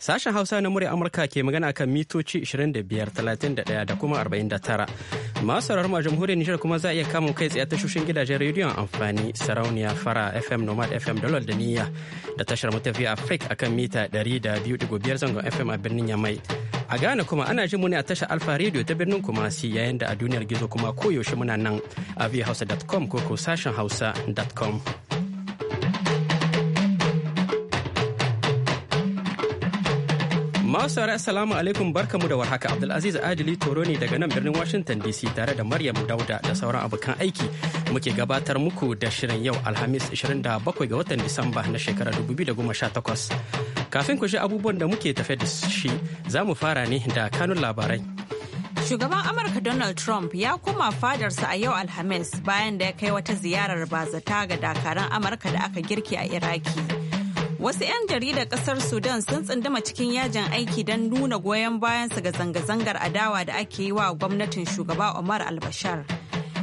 Sashen Hausa na murya Amurka ke magana kan mitoci 25,31 da kuma 49. Masu sauraron a jamhuriyar Nijar kuma za a iya kamun kai tsaye tashoshin gidajen rediyon amfani sarauniya fara FM Nomad FM Dalol da Niyya da tashar matafiya Afrik akan mita 200.5 zangon FM a birnin Yamai. A Ghana kuma ana jin muni a tashar Alfa Radio ta birnin Kumasi yayin da a duniyar gizo kuma koyaushe muna nan a vhausa.com ko ko sashen hausa.com. Masu saurari assalamu alaikum barkamu da warhaka Abdulaziz Adili Toro ne daga nan birnin Washington DC tare da Maryam Dauda da sauran abokan aiki muke gabatar muku da shirin yau Alhamis 27 ga watan Disamba na shekarar 2018. Kafin ku shi abubuwan da muke tafe da shi za mu fara ne da kanun labarai. Shugaban Amurka Donald Trump ya koma fadarsa a yau Alhamis bayan da ya kai wata ziyarar bazata ga dakaran Amurka da aka girki a Iraki. Wasu 'yan jaridar kasar Sudan sun tsunduma cikin yajin aiki don nuna goyon bayansu ga zanga-zangar adawa da ake yi wa gwamnatin shugaba Omar al-Bashir.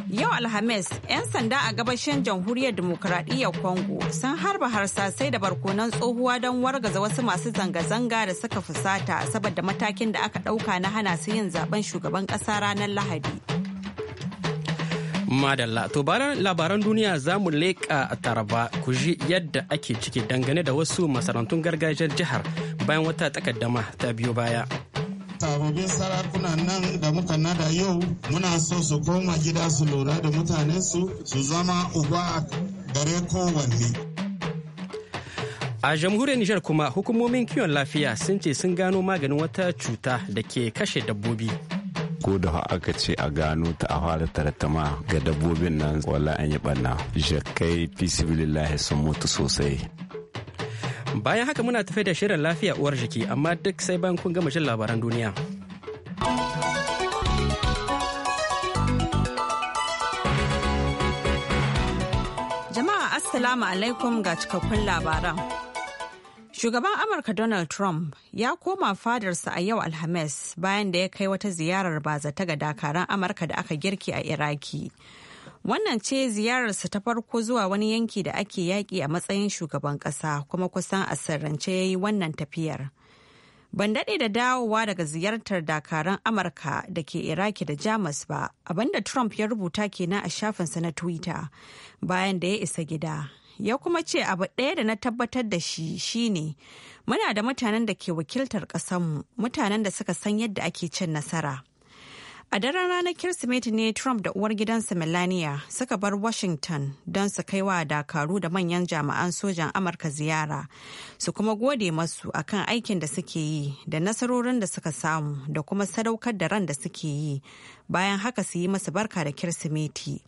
Yau Alhamis, 'yan sanda a gabashin jamhuriyar dimokuraɗiyyar Congo sun harba harsasai da barkonan tsohuwa don wargaza wasu masu zanga-zanga da suka fusata saboda matakin da aka ɗauka na hana su yin zaben shugaban ƙasa ranar Lahadi. Madalla, to bayan labaran duniya za mu leƙa taraba ku ji yadda ake ciki dangane da wasu masarantun gargajiyar jihar bayan wata takaddama ta biyo baya. sababbin sarakuna nan da muka nada yau muna so su koma gida su lura da mutanensu su zama uba gare kowanne. A jamhuriyar Nijar kuma hukumomin kiwon lafiya sun ce sun gano maganin wata cuta da ke kashe dabbobi. ko da aka ce a gano ta a fara tarattama ga dabbobin nan wala an yi ɓanna jakai fisibilillahi sun mutu sosai bayan haka muna tafe da shirin lafiya uwar jiki amma duk sai bayan kun gama jin labaran duniya jama'a assalamu alaikum ga cikakkun labaran Shugaban Amurka Donald Trump ya koma fadarsa a yau Alhamis bayan da ya kai wata ziyarar bazata ga dakaran Amurka da aka girki a Iraki. Wannan ce ziyararsa ta farko zuwa wani yanki da ake yaƙi a matsayin shugaban ƙasa kuma kusan a ya yi wannan tafiyar. Ban daɗe da dawowa daga ziyartar dakaran Amurka da ke Iraki da Jamus ba, abinda Trump ya rubuta kenan a shafinsa na Twitter bayan da ya isa gida. ya kuma ce abu ɗaya da na tabbatar da shi shine muna da mutanen da ke wakiltar ƙasanmu mutanen da suka san yadda ake cin nasara. A daren ranar Kirsimeti ne Trump da uwar gidansa Melania suka bar Washington don su kai wa dakaru da manyan jami'an sojan Amurka ziyara su kuma gode masu akan aikin da suke yi da nasarorin da suka samu da kuma sadaukar da ran da suke yi bayan haka su yi masa barka da Kirsimeti.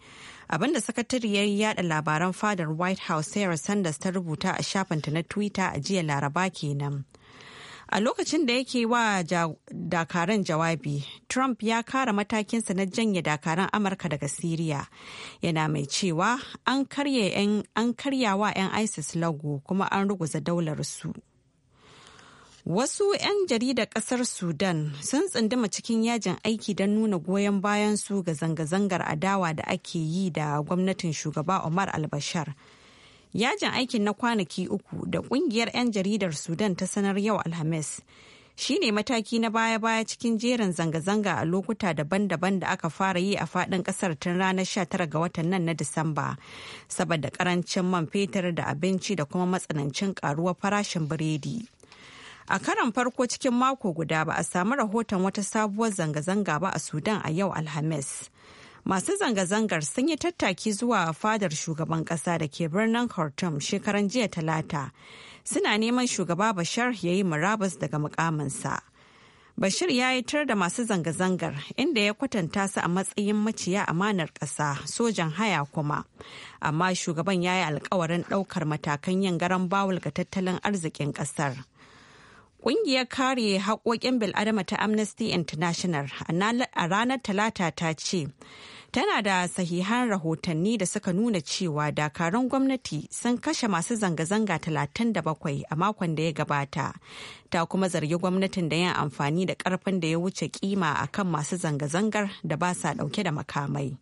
abinda sakatariyar yada labaran fadar white house sarah sanders ta rubuta a shafinta na twitter a jiya laraba kenan a lokacin da yake wa dakaran jawabi trump ya kara matakinsa na janye dakaran amurka daga siriya yana mai cewa an karya wa 'yan isis lago kuma an ruguza daular su Wasu 'yan jaridar ƙasar Sudan sun tsunduma cikin yajin aiki don nuna goyon bayan su ga zanga-zangar adawa da ake yi da gwamnatin shugaba Omar al bashar Yajin aikin na kwanaki uku da ƙungiyar 'yan jaridar Sudan ta sanar yau Alhamis. Shi ne mataki na baya-baya cikin jerin zanga-zanga a lokuta daban-daban da aka fara yi a faɗin ƙasar tun ranar 19 ga watan nan na Disamba, saboda ƙarancin man fetur da abinci da kuma matsanancin ƙaruwar farashin biredi. A karan farko cikin mako guda ba a samu rahoton wata sabuwar zanga-zanga ba a Sudan a yau Alhamis. Masu zanga-zangar sun yi tattaki zuwa fadar shugaban ƙasa da ke birnin Khartoum shekaran jiya talata. Suna neman shugaba Bashar ya yi murabus daga mukaminsa. Bashir ya yi tar da masu zanga-zangar inda ya kwatanta su a matsayin maciya amanar ƙasa sojan haya kuma. Amma shugaban ya yi alkawarin ɗaukar matakan yin garan bawul ga tattalin arzikin ƙasar. Ƙungiyar kare haƙoƙin bil'adama ta Amnesty International a ranar Talata ta ce, tana da sahihan rahotanni da suka nuna cewa dakarun gwamnati sun kashe masu zanga-zanga 37 a makon da ya gabata. Ta kuma zargi gwamnatin da yin amfani da ƙarfin da ya wuce kima a kan masu zanga-zangar da ba sa ɗauke da makamai.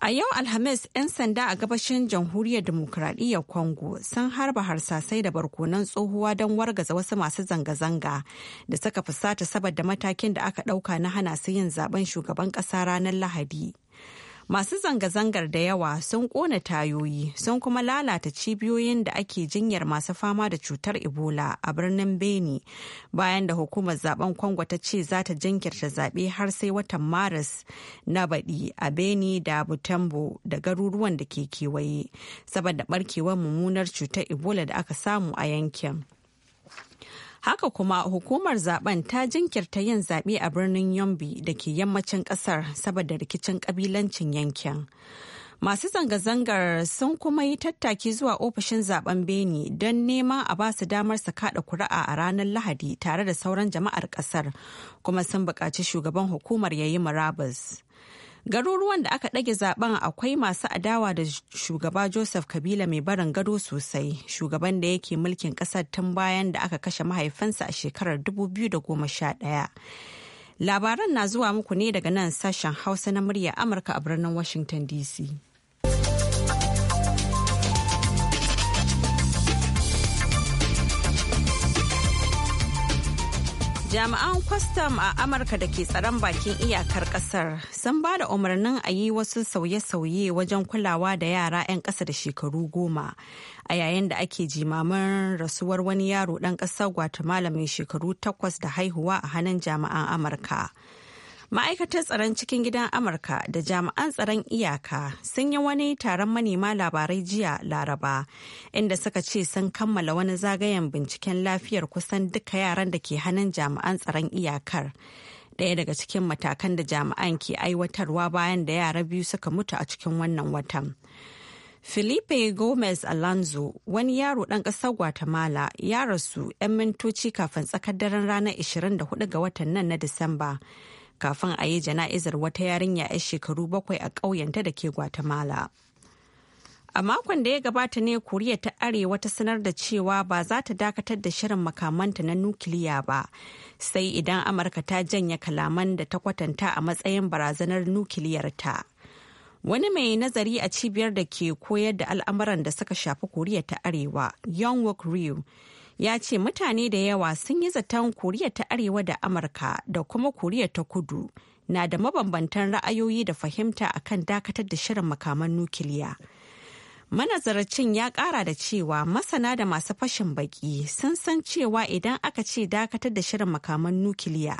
A yau Alhamis 'yan sanda a gabashin jamhuriyar demokuraɗiyyar Congo sun harba harsasai da barkonan tsohuwa don wargaza wasu masu zanga-zanga da suka fusata saboda matakin da aka ɗauka na hana su yin zaben shugaban ƙasa ranar Lahadi. Masu zanga-zangar da yawa sun kona tayoyi sun kuma lalata cibiyoyin da ake jinyar masu fama da cutar Ebola a birnin Beni bayan da hukumar zaben Kwango ta ce za ta jinkirta zaɓe har sai watan Maris na baɗi a Beni da Butembo da garuruwan da ke kewaye saboda barkewar mummunar cutar Ebola da aka samu a yankin. Haka kuma hukumar zaben ta jinkirta yin zaɓe a birnin Yombe da ke yammacin ƙasar saboda rikicin ƙabilancin yankin. Masu zanga-zangar sun kuma yi tattaki zuwa ofishin zaben Beni don nema a ba su damar su kada kuri'a a ranar Lahadi tare da sauran jama'ar kasar kuma sun buƙaci shugaban hukumar yayi yi murabus. garuruwan da aka ɗage zaben akwai masu adawa da shugaba joseph kabila mai barin gado sosai shugaban da yake mulkin ƙasar tun bayan da aka kashe mahaifinsa a shekarar 2011 labaran na zuwa muku ne daga nan sashen hausa na murya amurka a birnin washington dc jami'an kwastam a amurka da ke tsaron bakin iyakar kasar sun ba da umarnin a yi wasu sauye-sauye wajen kulawa da yara 'yan ƙasa da shekaru goma a yayin da ake jimamin rasuwar wani yaro ɗan ƙasar guatemala mai shekaru takwas da haihuwa a hannun jami'an amurka ma'aikatar tsaron cikin gidan amurka da jami'an tsaron iyaka sun yi wani taron manema labarai jiya laraba inda suka ce sun kammala wani zagayen binciken lafiyar kusan duka yaran da ke hannun jami'an tsaron iyakar ɗaya daga cikin matakan da jami'an ke aiwatarwa bayan da yara biyu suka mutu a cikin wannan watan Felipe Gomez Alonso, wani yaro ɗan ƙasar Guatemala, ya rasu 'yan mintoci kafin tsakar daren ranar 24 ga watan nan na Disamba. kafin a yi jana'izar wata yarinya 'yar shekaru bakwai a ƙauyenta da ke Guatemala. A makon da ya gabata ne Koriya ta Arewa ta sanar da cewa ba za ta dakatar da shirin makamanta na nukiliya ba, sai idan Amurka ta janye kalaman da ta kwatanta a matsayin barazanar nukiliyarta. Wani mai nazari a cibiyar da ke koyar da al'amuran da suka shafi Koriya ta Arewa, Work Real, ya ce mutane da yawa sun yi zaton koriya ta arewa da amurka da kuma koriya ta kudu na da mabambantan ra'ayoyi da fahimta akan dakatar da shirin makaman nukiliya. manazarcin ya kara da cewa masana da masu fashin baki sun san cewa idan aka ce dakatar da shirin makaman nukiliya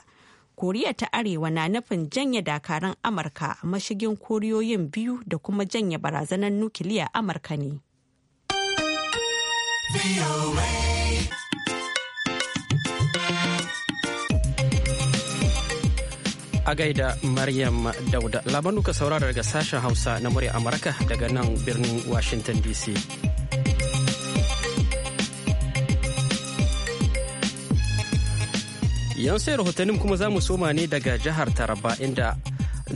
koriya ta arewa na nufin janye dakaran amurka mashigin koriyoyin biyu da kuma janye barazanar nukiliya amurka ne. a gaida Maryam Dauda. Labarin ka saurara daga sashen Hausa na murya Amurka daga nan birnin Washington DC. Yan sai rahotannin kuma za mu soma ne daga jihar Taraba inda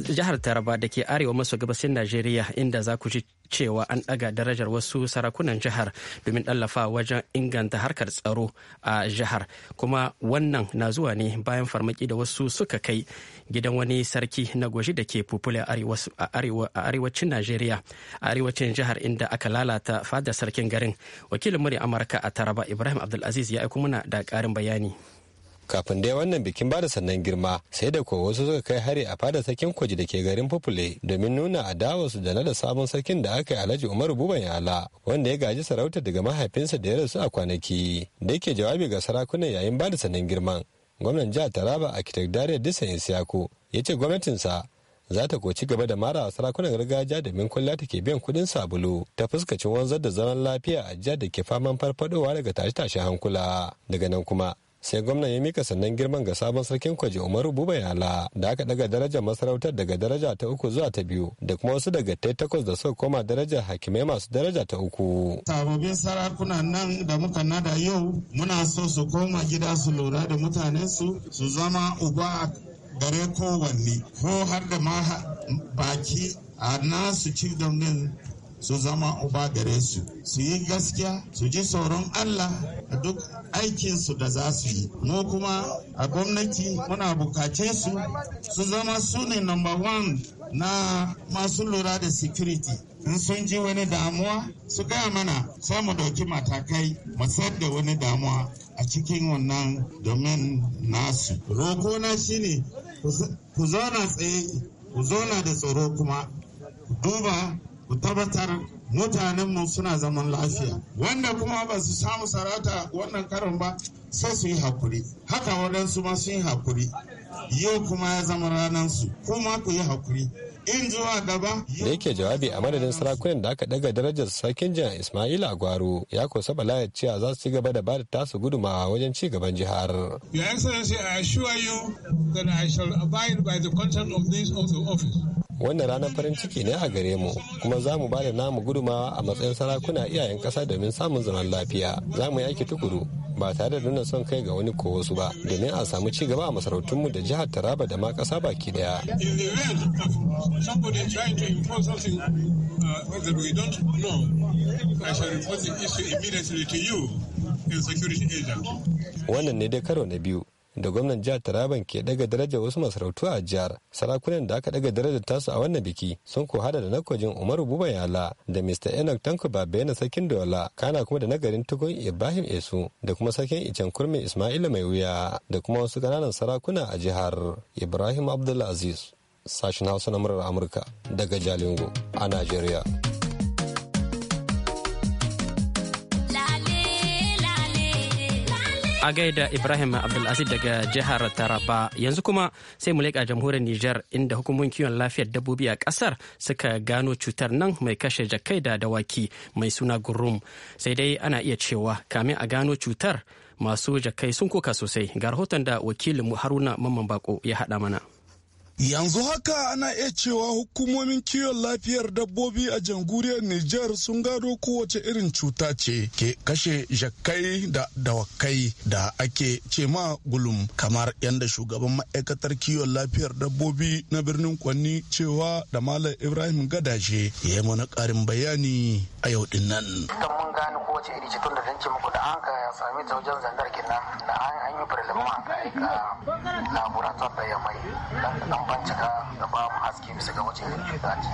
jihar taraba da ke arewa maso gabashin najeriya inda za ku ji cewa an ɗaga darajar wasu sarakunan jihar domin ɗallafa wajen inganta harkar tsaro a jihar kuma wannan na zuwa ne bayan farmaki da wasu suka kai gidan wani sarki na goshi da ke fufule a arewacin najeriya a arewacin jihar inda aka lalata fadar sarkin garin wakilin murya amurka a taraba ibrahim abdulaziz ya aiko muna da ƙarin bayani kafin dai wannan bikin bada sannan girma sai da ko wasu suka kai hari a fada sarkin kwaji da ke garin fufule domin nuna adawarsu da na da sabon sarkin da aka yi alhaji umaru buban yala wanda ya gaji sarauta daga mahaifinsa da ya rasu a kwanaki da yake jawabi ga sarakunan yayin bada sannan girman gwamnan jihar taraba a kitar dariya disan isiyaku ya ce gwamnatinsa za ta koci gaba da mara sarakunan gargajiya domin kulla ke biyan kudin sabulu ta fuskacin wanzar da zaman lafiya a jihar da ke faman farfadowa daga tashe-tashe hankula daga nan kuma sai gwamnan ya mika sannan girman ga sabon sarkin kwaje umaru buba yala da aka daga darajar masarautar daga daraja ta uku zuwa ta biyu da kuma wasu daga ta takwas da suka koma darajar hakimai masu daraja ta uku sababbin sarakuna nan da muka nada yau muna so su koma gida su lura da mutanen su su zama uba a gare kowanne ko har da ma baki a nasu cigdom din su zama uba gare su su yi gaskiya su ji tsoron allah a duk aikinsu da za su yi mu kuma a gwamnati muna bukace su su zama su ne number one na masu lura da security in sun ji wani damuwa su gaya mana sai mu dauki matakai mu da wani damuwa a cikin wannan domin nasu roko na shine ku zauna tsaye ku zauna da tsoro kuma duba ku tabbatar mutanenmu suna zaman lafiya wanda kuma ba su samu sarata wannan karin ba sai su yi hakuri haka waɗansu ma sun yi hakuri yau kuma ya zama ranansu kuma ku yi hakuri in zuwa gaba da yake jawabi a madadin sarakunan da aka daga darajar sarkin jiya ismaila gwaro ya kusa balayar cewa za su ci gaba da bada tasu gudumawa wajen ci gaban jihar your excellency i assure you that i shall abide by the content of this of the office wannan ranar farin ciki ne a gare mu kuma za mu ba da namu gudumawa a matsayin sarakuna iyayen ƙasa domin samun zaman lafiya za mu yaki tukuru ba tare da nuna son kai ga wani ko wasu ba domin a samu ci gaba a mu da jihar taraba da ma ƙasa baki daya uh, wannan ne dai karo na biyu da gwamnan jihar Taraban ke daga daraja wasu masarautu a jihar. Sarakunan da aka daga darajar tasu a wannan biki sun ko hada da nakojin Umaru Bubayala da Mr. Enoch Tanko na Sarkin Dola, kana kuma da nagarin Tugun Ibrahim Esu da kuma Sarkin Icen Kurmi Ismaila Mai Wuya da kuma wasu kananan sarakuna a jihar. Ibrahim Abdulaziz, sashen Hausa na murar Amurka daga Jalingo a Najeriya. a gaida ibrahim abdulaziz daga jihar taraba yanzu kuma sai mu leƙa jamhuriyar niger inda hukumomin kiwon lafiyar dabbobi a ƙasar suka gano cutar nan mai kashe jakai da dawaki mai suna gurum sai dai ana iya cewa kamin a gano cutar masu jakai sun koka sosai ga rahoton da wakilin haruna mamman bako ya hada mana Yanzu haka ana iya cewa hukumomin kiwon lafiyar dabbobi a jamhuriyar Nijar sun gado kowace irin cuta ce ke kashe jakkai da dawakai da ake ce ma gulum kamar yadda shugaban ma'aikatar kiwon lafiyar dabbobi na birnin Kwanni cewa da Malam Ibrahim Gadashe ya yi mana karin bayani a yau din wuce iri cikin da zanci muku da an ka sami ta wajen zandar kenan da an yi firlimin an ka aika laboratoire da yamai dan dan bincika da ba mu haske bisa ga wajen iri cuta ce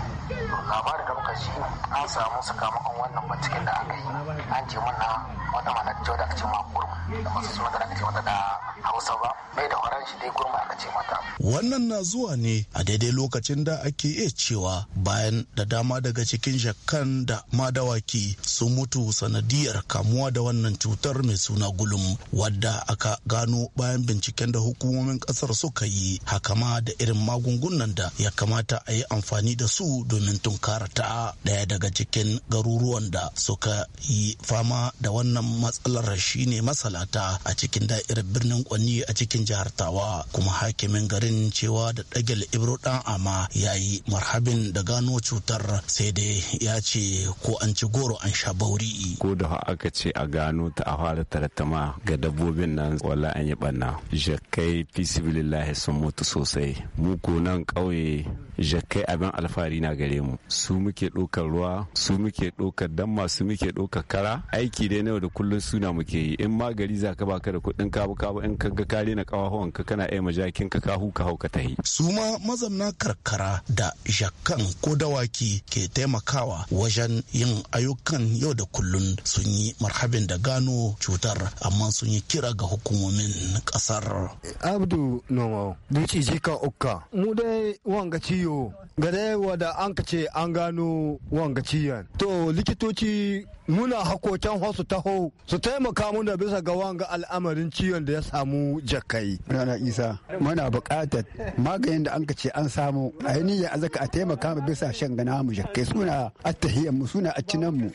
to labarin da muka shi an samu sakamakon wannan binciken da aka yi an ce mana wata mana da aka ce ma kurum da masu suna da aka ce wata da hausa ba mai da shi dai gurma ka ce mata wannan na zuwa ne a daidai lokacin da ake iya cewa bayan da dama daga cikin jakan da madawaki sun mutu sanadiyar kamuwa da wannan cutar mai suna gulum wadda aka gano bayan binciken da hukumomin kasar suka yi hakama da irin magungunan da ya kamata a yi amfani da su domin tunkara ta daya daga cikin garuruwan da suka yi fama da wannan matsalar shine masalata a cikin da'irar birnin kwanni a cikin jihar tawa kuma hakimin garin cewa da dagel ibro dan ama ya yi marhabin da gano cutar sai dai ya ce ko an ci goro an sha bauri ko da aka ce a gano ta a fara tarattama ga dabbobin nan wala an yi banna jakai fisibilillahi sun mutu sosai mu ko nan kauye jakai abin alfahari na gare mu su muke dokar ruwa su muke dokar dan masu muke dokar kara aiki dai na yau da kullum suna muke yi in ma gari za ka baka da kuɗin kabu kabu in ka ga kare na kawahuwan ka kana aima jakin ka kahu ka hauka ta yi. su ma mazamna karkara da jakan ko dawaki ke taimakawa wajen yin ayyukan yau da kullun sun yi marhabin da gano cutar amma sun yi kira ga hukumomin kasar. abdu nomo duci jika uka mu dai wanga ciyo ga dai wada an ka ce an gano wanga ciyan to likitoci muna hakokin hosu taho su taimaka muna bisa ga wanga al'amarin ciyon da ya samu samu jakai rana isa muna buƙatar maganin da an ka ce an samu a yi niyya a zaka a taimaka mu bisa shan gana mu jakai suna attahiyan mu suna cinan mu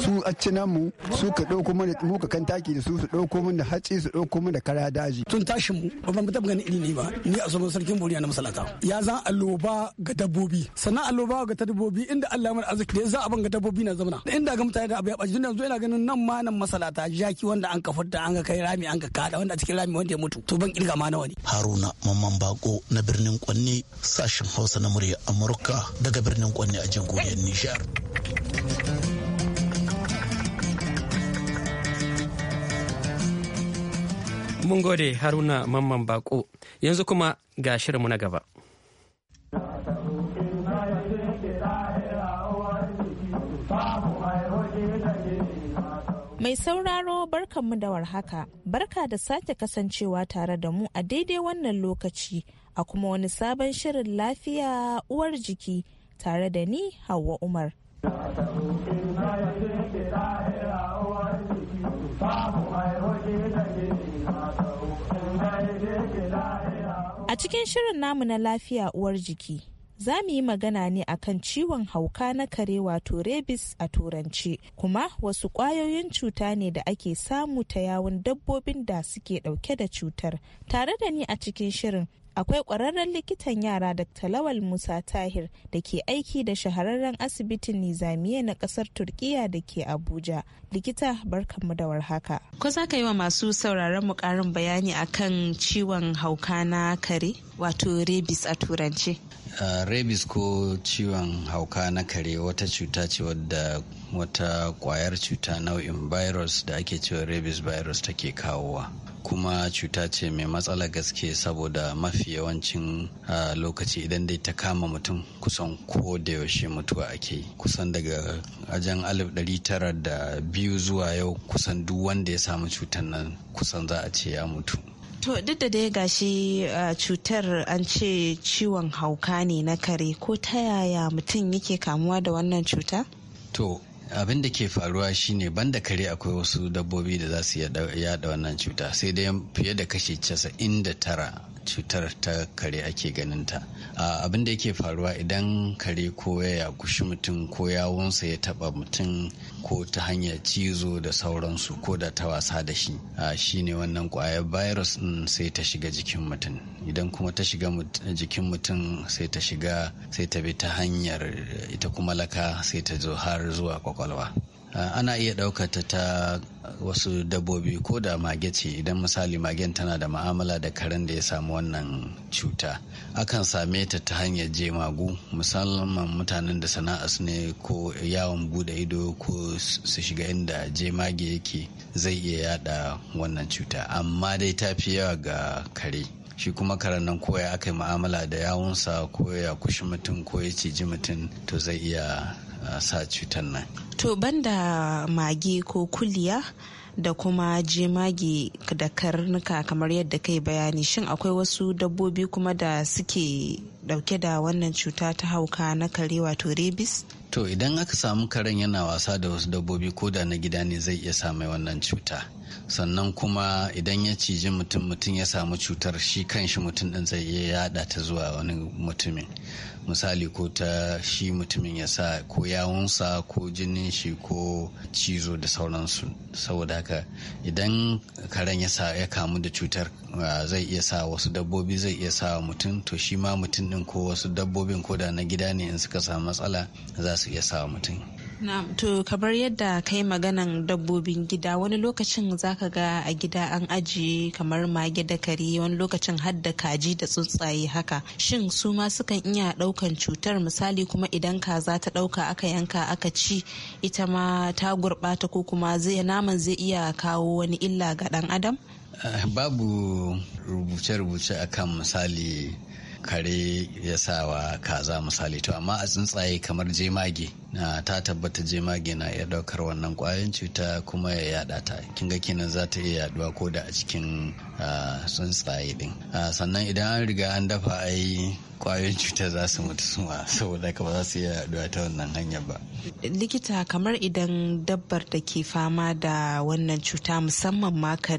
su cinan mu su ka ɗauko mana mu ka kan taki da su su ɗauko mana hatsi su ɗauko mana kara daji. tun tashin mu ba ban taɓa ganin ilimi ba ni a zaman sarkin boriya na masalata ya zan alloba ga dabbobi sannan alloba ga dabbobi inda Allah mana arziki da za a ban ga dabbobi na zamana inda ga mutane da abu ya ɓaci yanzu ina ganin nan ma nan masalata jaki wanda an ka furta an ka kai rami an ka kada wanda a cikin rami wanda ya mutu to ban kirga ma nawa ne haruna mamman bako na birnin kwanne sashen hausa na murya amurka daga birnin kwanne a jamhuriyar nijar mun gode haruna mamman bako yanzu kuma ga shirinmu na gaba Mai sauraro barkanmu da warhaka, barka da sake kasancewa tare da mu a daidai wannan lokaci a kuma wani sabon shirin lafiya uwar jiki tare da ni Hauwa Umar. A cikin shirin namu na lafiya uwar jiki, za mu yi magana ne akan ciwon hauka na kare wato rabies a turanci kuma wasu ƙwayoyin cuta ne da ake samu ta yawon dabbobin da suke ɗauke da cutar tare da ni a cikin shirin akwai ƙwararren likitan yara da Lawal Musa Tahir da ke aiki da shahararren asibitin Nizamiya na ƙasar Turkiya da ke Abuja. Likita barkanmu da warhaka. Ko za ka yi wa masu sauraron mu karin bayani akan ciwon hauka na kare? wato rabies a turance uh, rabies ko ciwon hauka na kare wata cuta ce wadda wata kwayar cuta nau'in virus da ake cewa rabies virus take kawowa kuma cuta ce mai matsala gaske saboda mafi yawancin uh, lokaci idan dai ta kama mutum kusan ko da yaushe mutuwa ake yi kusan daga ajan alif ɗari tara da biyu zuwa yau kusan duk wanda ya samu cutar nan kusan za a ce ya mutu To duk da dai gashi cutar an ce ciwon hauka ne na kare ko ta yaya mutum yake kamuwa da wannan cuta? To abin da ke faruwa shine banda kare akwai wasu dabbobi da za su yada wannan cuta sai dai fiye da kashi casa'in da tara cutar ta kare ake ganin ta abin da yake faruwa idan kare ko ya yakushi mutum ko yawunsa ya taba mutum ko ta hanyar cizo da sauransu ko da ta wasa da shi shi ne wannan kwayar virus din sai ta shiga jikin mutum idan kuma ta shiga jikin mutum sai ta shiga sai ta bi ta hanyar ita kuma laka sai ta zo har zuwa kwakwalwa Eh, ana iya ɗaukata ta wasu dabbobi ko da mage ce idan misali magen tana da ma'amala da karen da ya samu wannan cuta akan same ta ta hanyar jemagu musamman mutanen da sana'a su ne ko yawon bude ido ko su shiga inda jemage yake zai iya yada wannan cuta amma dai ta fi yawa ga kare shi kuma karen nan ko ya aka yi ma'amala da yawunsa ko ya kushi mutum ko ya ciji mutum to zai iya sa cutar nan to banda mage ko kuliya da kuma jemage da karnuka kamar yadda kai bayani shin akwai wasu dabbobi kuma da suke dauke da wannan cuta ta hauka na kare wato rabies to idan aka samu karen yana wasa da wasu dabbobi ko da na gida ne zai iya sa mai wannan cuta sannan kuma idan ya ciji mutum mutum ya samu cutar shi kanshi mutum din zai iya yada ta zuwa wani mutumin misali ko ta shi mutumin ya sa ko yawunsa ko jinin shi ko cizo da sauransu saboda haka idan karen ya kamu da cutar ah, zai iya sa wasu dabbobi zai iya sa mutum to shi ma mutum din ko wasu dabbobin ko da na gida ne in suka samu matsala za su iya sawa mutum Na'am to kamar yadda kai maganan dabbobin gida wani lokacin zaka ga a gida an ajiye kamar mage da kare wani lokacin har kaji da tsuntsaye haka shin su ma sukan iya daukan cutar misali kuma idan kaza ta dauka aka yanka aka ci ita ma ta gurbata ko kuma zai naman zai iya kawo wani illa ga dan adam eh, babu rubuce-rubuce akan misali kare ya sa wa kaza misali to amma a tsuntsaye kamar jemage na ta tabbata jemage na iya daukar wannan kwayoyin cuta kuma ya yada ta kinga kenan za ta iya yaduwa ko da a cikin tsuntsaye din sannan idan an riga an dafa ai kwayoyin cuta za su mutu suma saboda ka ba za su iya yaduwa ta wannan hanyar ba likita kamar idan dabbar da ke fama da wannan cuta musamman ma ta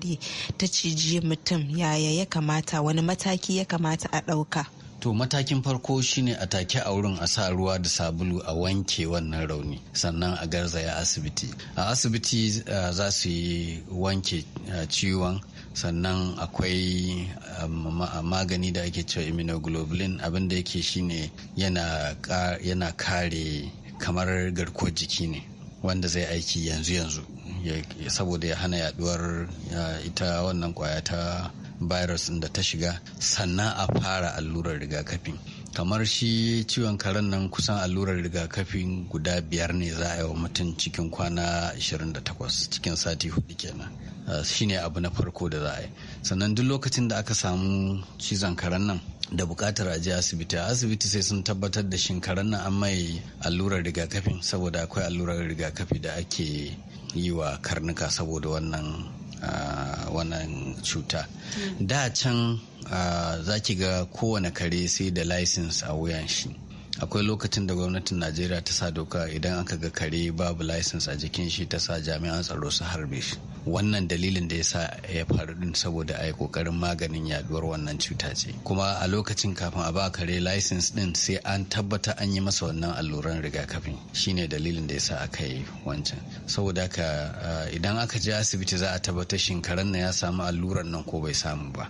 ciji mutum yaya ya kamata wani mataki ya kamata a ɗauka To matakin farko shine a take a wurin a sa ruwa da sabulu a wanke wannan rauni sannan a garzaya asibiti. A asibiti eh, za su yi wanke eh, ciwon sannan akwai eh, magani da ake cewa immunoglobulin abinda yake shine yana kare kamar garkuwar jiki ne wanda zai aiki yanzu yanzu saboda ya hana yaduwar ita wannan kwaya ta virus da ta shiga sannan a fara allurar rigakafin kamar shi ciwon karen nan kusan allurar rigakafin guda biyar ne za a yi wa mutum cikin kwana 28 cikin sati hudu kenan ah, shi ne abu na farko da za a yi sannan duk lokacin da aka samu cizon karen nan da bukatar aje asibiti a asibiti sai sun tabbatar da karen nan an mai allurar rigakafin saboda akwai allurar rigakafi da ake yi wa karnuka saboda wannan wannan cuta da can za ki ga kowane kare sai da license a wuyan shi akwai lokacin da gwamnatin najeriya ta sa doka idan aka ga kare babu license a jikin shi ta sa jami'an tsaro su harbe shi wannan dalilin da ya sa ya faru din saboda a yi kokarin maganin yaduwar wannan cuta ce kuma a lokacin kafin a ba kare license din sai an tabbata an yi masa wannan alluran rigakafin shine dalilin da ya sa aka yi wancan saboda ka idan aka je asibiti za a tabbatar shinkaran na ya samu alluran nan ko bai samu ba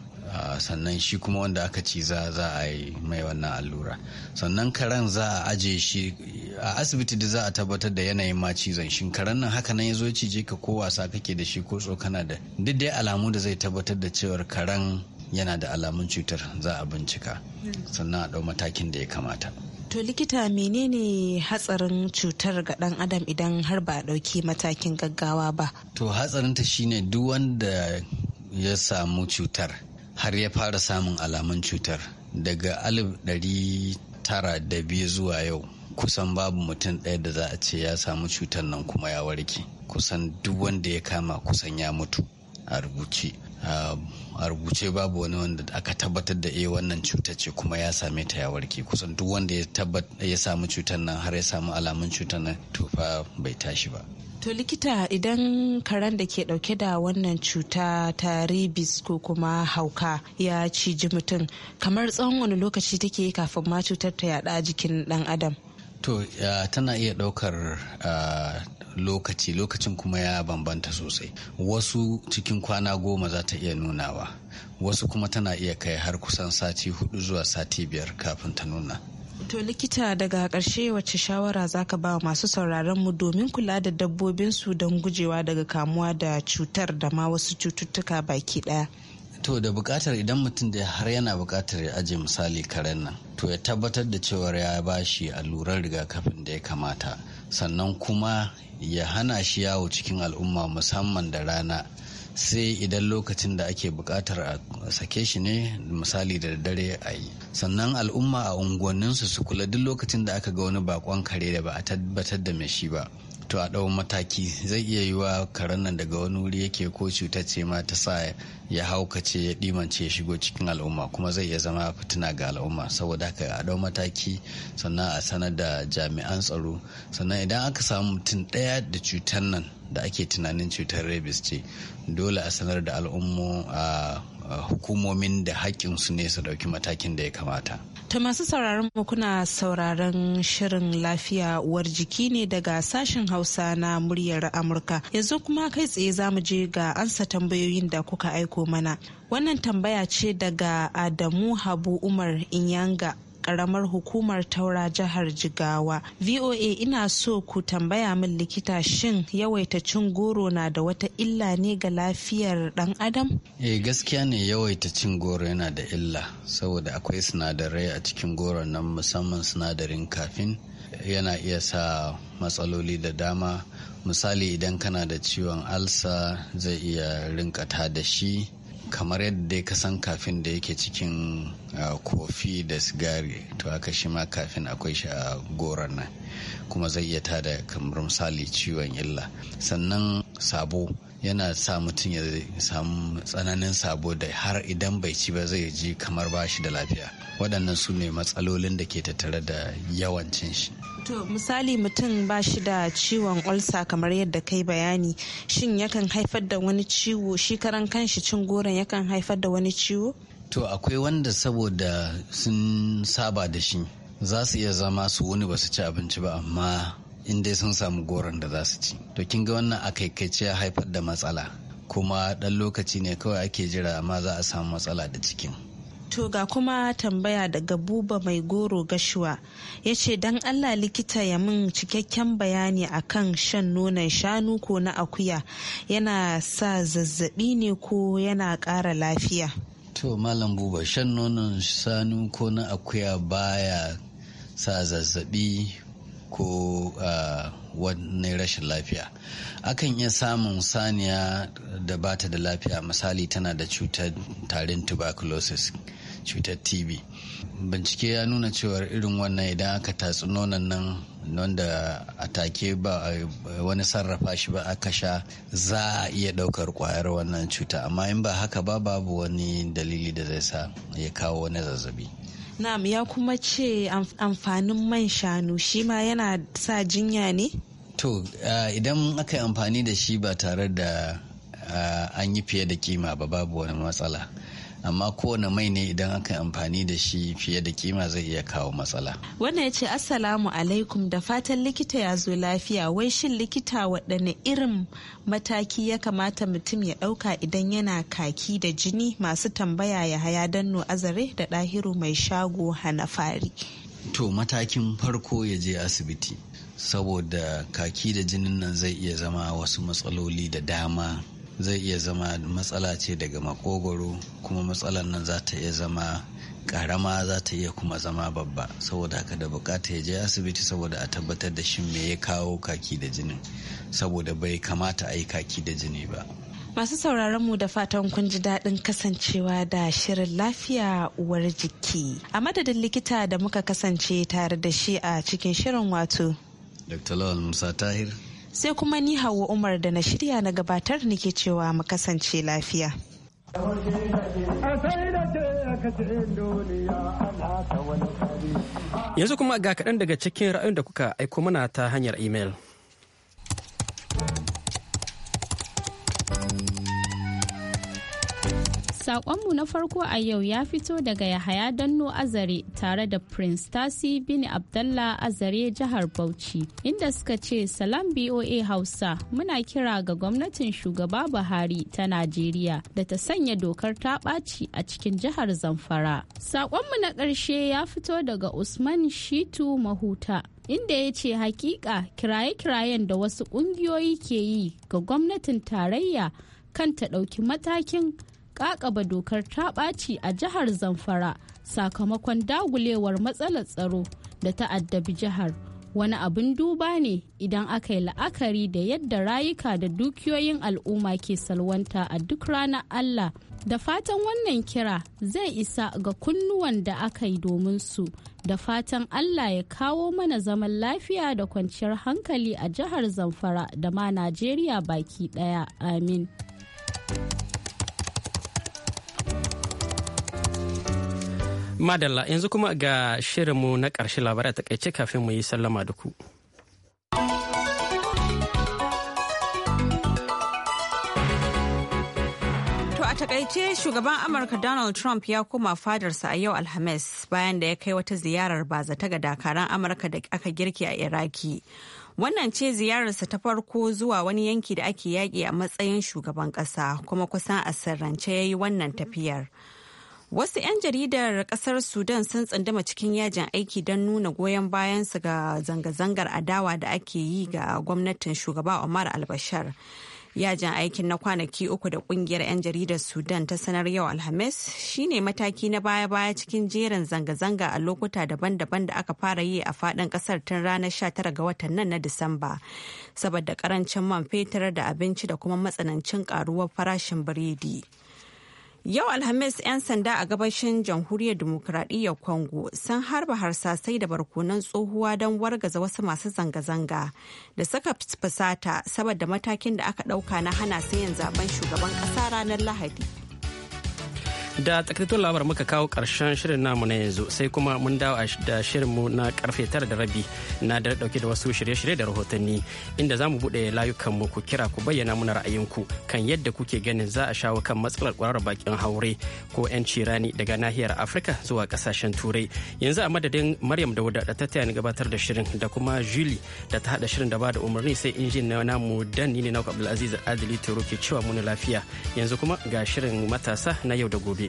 sannan shi kuma wanda aka ci za a yi mai wannan allura sannan karen za a aje shi a asibiti da za a tabbatar da yanayin ma cizon shinkaran nan haka nan ya zo cije ka ko wasa kake da shi jiki ko kana da duk dai alamu da zai tabbatar da cewar karen yana da alamun cutar za a bincika sannan a ɗau matakin da ya kamata. To likita menene hatsarin cutar ga ɗan adam idan har ba a ɗauki matakin gaggawa ba? To hatsarinta shine duk wanda ya samu cutar har ya fara samun alamun cutar daga alif ɗari tara da biyu zuwa yau kusan babu mutum ɗaya da za a ce ya samu cutar nan kuma ya warke. kusan duk wanda ya kama kusan ya mutu a rubuce a rubuce babu wani wanda aka tabbatar da iya eh, wannan cuta ce kuma ya same ta ya warke kusan duk wanda ya samu cutar nan har ya samu alamun cutar nan to fa bai tashi ba to likita idan karen da ke dauke da wannan cuta ta ribis ko kuma hauka ya ciji mutum kamar tsawon wani lokaci take yi kafin ma cutar ta yada jikin dan adam to tana iya daukar ah, lokaci lokacin kuma ya bambanta sosai wasu cikin kwana goma za ta iya nunawa wasu kuma tana iya kai har kusan sati hudu zuwa sati biyar kafin ta nuna To likita daga karshe wacce shawara za ka ba masu sauraron mu domin kula da dabbobin su don gujewa daga kamuwa da cutar da ma wasu cututtuka baki ɗaya. To da bukatar idan mutum da har yana bukatar ya aje misali karen nan, to ya tabbatar da cewar ya bashi allurar rigakafin da ya kamata. sannan kuma ya hana shi yawo cikin al'umma musamman da rana sai idan lokacin da ake buƙatar a sake shi ne misali da dare a yi sannan al'umma a unguwanninsu su kula duk lokacin da aka ga wani bakon kare da ba a tabbatar da mai shi ba to a ɗau mataki zai iya yi wa karen nan daga wani wuri yake ko cutar ce ma ta sa ya haukace ya dimance ya shigo cikin al'umma kuma zai iya zama fitina ga al'umma saboda haka a ɗau mataki sannan a sanar da jami'an tsaro sannan idan aka samu mutum ɗaya da cutar nan da ake tunanin cutar rabies ce dole a sanar da al'ummo a hukumomin da haƙƙinsu ne su ɗauki matakin da ya kamata Ta masu sauraron mu kuna sauraron shirin lafiya uwar jiki ne daga sashen Hausa na muryar Amurka. Yanzu kuma kai tsaye za mu je ga ansa tambayoyin da kuka aiko mana. Wannan tambaya ce daga Adamu Habu Umar Inyanga karamar hukumar taura jihar jigawa voa ina so ku tambaya min likita shin yawaita cin goro na da wata illa ne ga lafiyar ɗan adam eh gaskiya ne yawaita cin goro yana da illa saboda akwai sinadarai a cikin goron nan musamman sinadarin kafin yana iya sa matsaloli da dama misali idan kana da ciwon alsa zai iya rinkata da shi kamar yadda ka san kafin da yake cikin ah, kofi da sigari to haka shi ma kafin akwai shi a goron nan kuma zai iya tada kamar misali ciwon illa sannan sabo yana sa mutum ya samu tsananin sabo da har idan bai ci ba zai ji kamar ba shi da lafiya waɗannan su ne matsalolin da ke tattare da yawan cin shi to misali mutum ba shi da ciwon ulsa kamar yadda kai bayani shin yakan haifar da wani ciwo shi karan kanshi cin goron yakan haifar da wani ciwo to akwai wanda saboda sun saba da shi za su iya zama su wuni ba su ci abinci ba amma in dai sun samu goron da za su ci to kin ga wannan a kai ya haifar da matsala kuma ɗan lokaci ne kawai ake jira amma za a samu matsala da cikin to ga kuma tambaya daga buba mai goro gashuwa ya ce don allah likita ya min cikakken bayani akan shan nonon shanu ko na akuya yana sa zazzabi ne ko yana ƙara lafiya to malam buba shan nonon shanu ko na akuya baya sa zazzabi ko ah, wani rashin lafiya akan iya samun saniya da bata da lafiya misali tana da cutar tarin tuberculosis cutar tb bincike ya nuna cewa irin wannan idan aka tatsi nonon nan wanda a take ba wani sarrafa shi ba aka sha za a iya daukar kwayar wannan cuta amma in ba haka ba babu wani dalili da zai sa ya kawo wani zazzabi Na'am ya kuma ce amfanin man shanu shi ma yana sa jinya ne? To eh, idan aka yi amfani da shi ba tare da eh, an yi fiye da kima ba babu wani matsala. amma kowane mai ne idan aka amfani da shi fiye da kima zai iya kawo matsala. Wannan ya ce Assalamu alaikum da fatan likita ya zo lafiya wai shin likita waɗanne irin mataki ya kamata mutum ya ɗauka idan yana kaki da jini masu tambaya ya haya danno azare da ɗahiru mai shago hana fari. To matakin farko ya je asibiti saboda kaki da jinin nan zai iya zama wasu matsaloli da dama zai iya zama matsala ce daga makogoro kuma matsalar nan za ta iya zama karama za ta iya kuma zama babba saboda haka da bukata ya je asibiti saboda a tabbatar da shi me ya kawo kaki da jini saboda bai kamata a yi kaki da jini ba masu sauraron mu da fatan kun ji daɗin kasancewa da shirin lafiya uwar jiki a madadin likita da muka kasance tare da shi a cikin shirin wato dr lawal musa tahir sai kuma ni hawa umar da na shirya na gabatar nake cewa mu kasance lafiya yanzu kuma ga kaɗan daga cikin ra'ayin da kuka aiko mana ta hanyar imel. Sakonmu na farko a yau ya fito daga Yahaya Danno Azare tare da Prince Tasi bin Abdallah Azare jihar Bauchi, inda suka ce Salam BOA Hausa muna kira ga gwamnatin shugaba Buhari ta Najeriya da ta sanya dokar ta ɓaci a cikin jihar Zamfara. Sakonmu na ƙarshe ya fito daga Usman Shitu Mahuta inda ya ce hakika kiraye-kirayen da wasu ƙungiyoyi ke yi ga gwamnatin tarayya kan ta ɗauki matakin kakaba dokar ta ɓaci a jihar zamfara sakamakon dagulewar matsalar tsaro da ta addabi jihar wani abin duba ne idan aka yi la'akari da yadda rayuka da dukiyoyin al'umma ke salwanta a duk ranar allah da fatan wannan kira zai isa ga kunnuwan da aka yi domin su da fatan allah ya kawo mana zaman lafiya da kwanciyar hankali a jihar zamfara da ma najeriya baki ɗaya amin Madalla yanzu kuma ga shirinmu na ƙarshe labarai ta takaice kafin mu yi sallama da ku. takaice shugaban amurka donald trump ya koma fadarsa a yau alhamis bayan da ya kai wata ziyarar bazata ga dakaran amurka da aka girki a iraki wannan ce ziyararsa ta farko zuwa wani yanki da ake yaƙi a matsayin shugaban ƙasa kuma kusan a sirrance ya yi wannan tafiyar. Wasu 'yan jaridar kasar Sudan sun tsandama cikin yajin aiki don nuna goyon bayansu ga zanga-zangar adawa da ake yi ga gwamnatin shugaba Omar al-Bashir. Yajin aikin na kwanaki uku da kungiyar 'yan jaridar Sudan ta sanar yau Alhamis shine mataki na baya-baya cikin jerin zanga-zanga a lokuta daban-daban da aka fara yi a fadin kasar tun ranar 19 ga watan nan na Disamba. Saboda karancin man fetur da abinci da kuma matsanancin karuwar farashin biredi. Yau Alhamis 'yan sanda a gabashin jamhuriyar demokuraɗiyyar Congo sun harba harsasai da barkonan tsohuwa don wargaza wasu masu zanga-zanga da saka fusata saboda matakin da aka ɗauka na hana sayan zaben shugaban ƙasa ranar Lahadi. da takaitattun labar muka kawo karshen shirin namu na yanzu sai kuma mun dawo da shirinmu na karfe tara da rabi na da dauke da wasu shirye-shirye da rahotanni inda za mu buɗe layukan mu ku kira ku bayyana muna ra'ayinku kan yadda kuke ganin za a shawo kan matsalar kwararar bakin haure ko 'yanci rani daga nahiyar afirka zuwa kasashen turai yanzu a madadin maryam da da ta tayani gabatar da shirin da kuma julie da ta hada shirin da ba da umarni sai injin na namu dan ni ne na abdulaziz adili turo ke cewa muna lafiya yanzu kuma ga shirin matasa na yau da gobe